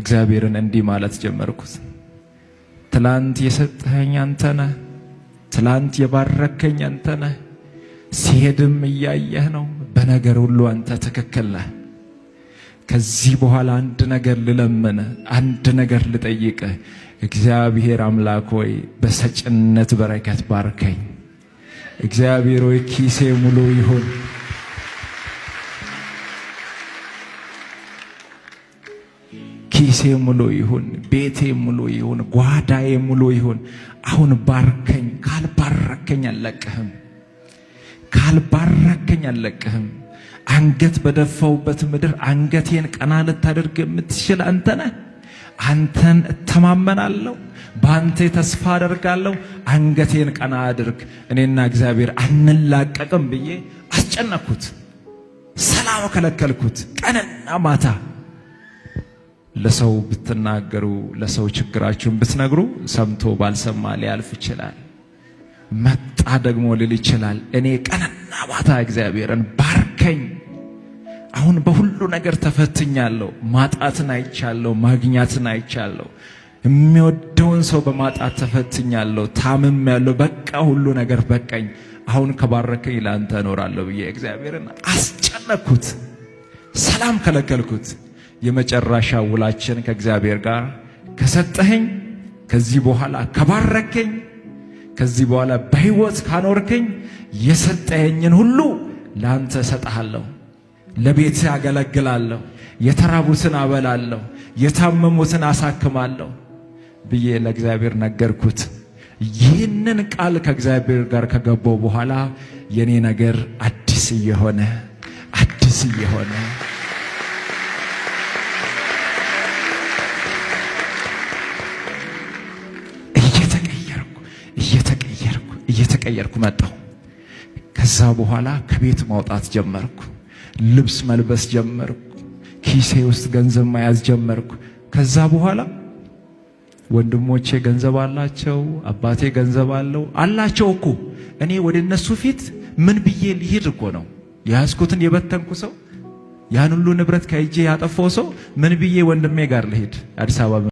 እግዚአብሔርን እንዲህ ማለት ጀመርኩት። ትላንት የሰጠኸኝ አንተ ነህ። ትላንት የባረከኝ አንተ ነህ። ሲሄድም እያየህ ነው። በነገር ሁሉ አንተ ትክክል ነህ። ከዚህ በኋላ አንድ ነገር ልለምን፣ አንድ ነገር ልጠይቅ እግዚአብሔር አምላክ ሆይ በሰጭነት በረከት ባርከኝ። እግዚአብሔር ሆይ ኪሴ ሙሉ ይሁን። ኪሴ ሙሉ ይሁን፣ ቤቴ ሙሉ ይሁን፣ ጓዳዬ ሙሉ ይሁን። አሁን ባርከኝ። ካልባረከኝ አልለቅህም፣ ካልባረከኝ አልለቅህም። አንገት በደፋውበት ምድር አንገቴን ቀና ልታደርግ የምትችል አንተ ነህ። አንተን እተማመናለሁ፣ በአንተ ተስፋ አደርጋለሁ። አንገቴን ቀና አድርግ፣ እኔና እግዚአብሔር አንላቀቅም ብዬ አስጨነኩት። ሰላም ከለከልኩት ቀንና ማታ ለሰው ብትናገሩ ለሰው ችግራችሁን ብትነግሩ ሰምቶ ባልሰማ ሊያልፍ ይችላል። መጣ ደግሞ ልል ይችላል። እኔ ቀንና ማታ እግዚአብሔርን ባርከኝ። አሁን በሁሉ ነገር ተፈትኛለሁ። ማጣትን አይቻለሁ፣ ማግኛትን አይቻለሁ። የሚወደውን ሰው በማጣት ተፈትኛለሁ፣ ያለው በቃ ሁሉ ነገር በቃኝ። አሁን ከባረከኝ ለአንተ እኖራለሁ ብዬ እግዚአብሔርን አስጨነኩት ሰላም ከለከልኩት። የመጨረሻ ውላችን ከእግዚአብሔር ጋር ከሰጠኸኝ፣ ከዚህ በኋላ ከባረከኝ፣ ከዚህ በኋላ በሕይወት ካኖርከኝ የሰጠኸኝን ሁሉ ለአንተ እሰጥሃለሁ። ለቤት አገለግላለሁ፣ የተራቡትን አበላለሁ፣ የታመሙትን አሳክማለሁ ብዬ ለእግዚአብሔር ነገርኩት። ይህንን ቃል ከእግዚአብሔር ጋር ከገባው በኋላ የኔ ነገር አዲስ እየሆነ አዲስ እየሆነ እየቀየርኩ መጣሁ። ከዛ በኋላ ከቤት ማውጣት ጀመርኩ። ልብስ መልበስ ጀመርኩ። ኪሴ ውስጥ ገንዘብ መያዝ ጀመርኩ። ከዛ በኋላ ወንድሞቼ ገንዘብ አላቸው፣ አባቴ ገንዘብ አለው አላቸው እኮ እኔ ወደ እነሱ ፊት ምን ብዬ ሊሄድ እኮ ነው የያዝኩትን የበተንኩ ሰው ያን ሁሉ ንብረት ከእጄ ያጠፋው ሰው ምን ብዬ ወንድሜ ጋር ልሄድ አዲስ አበባ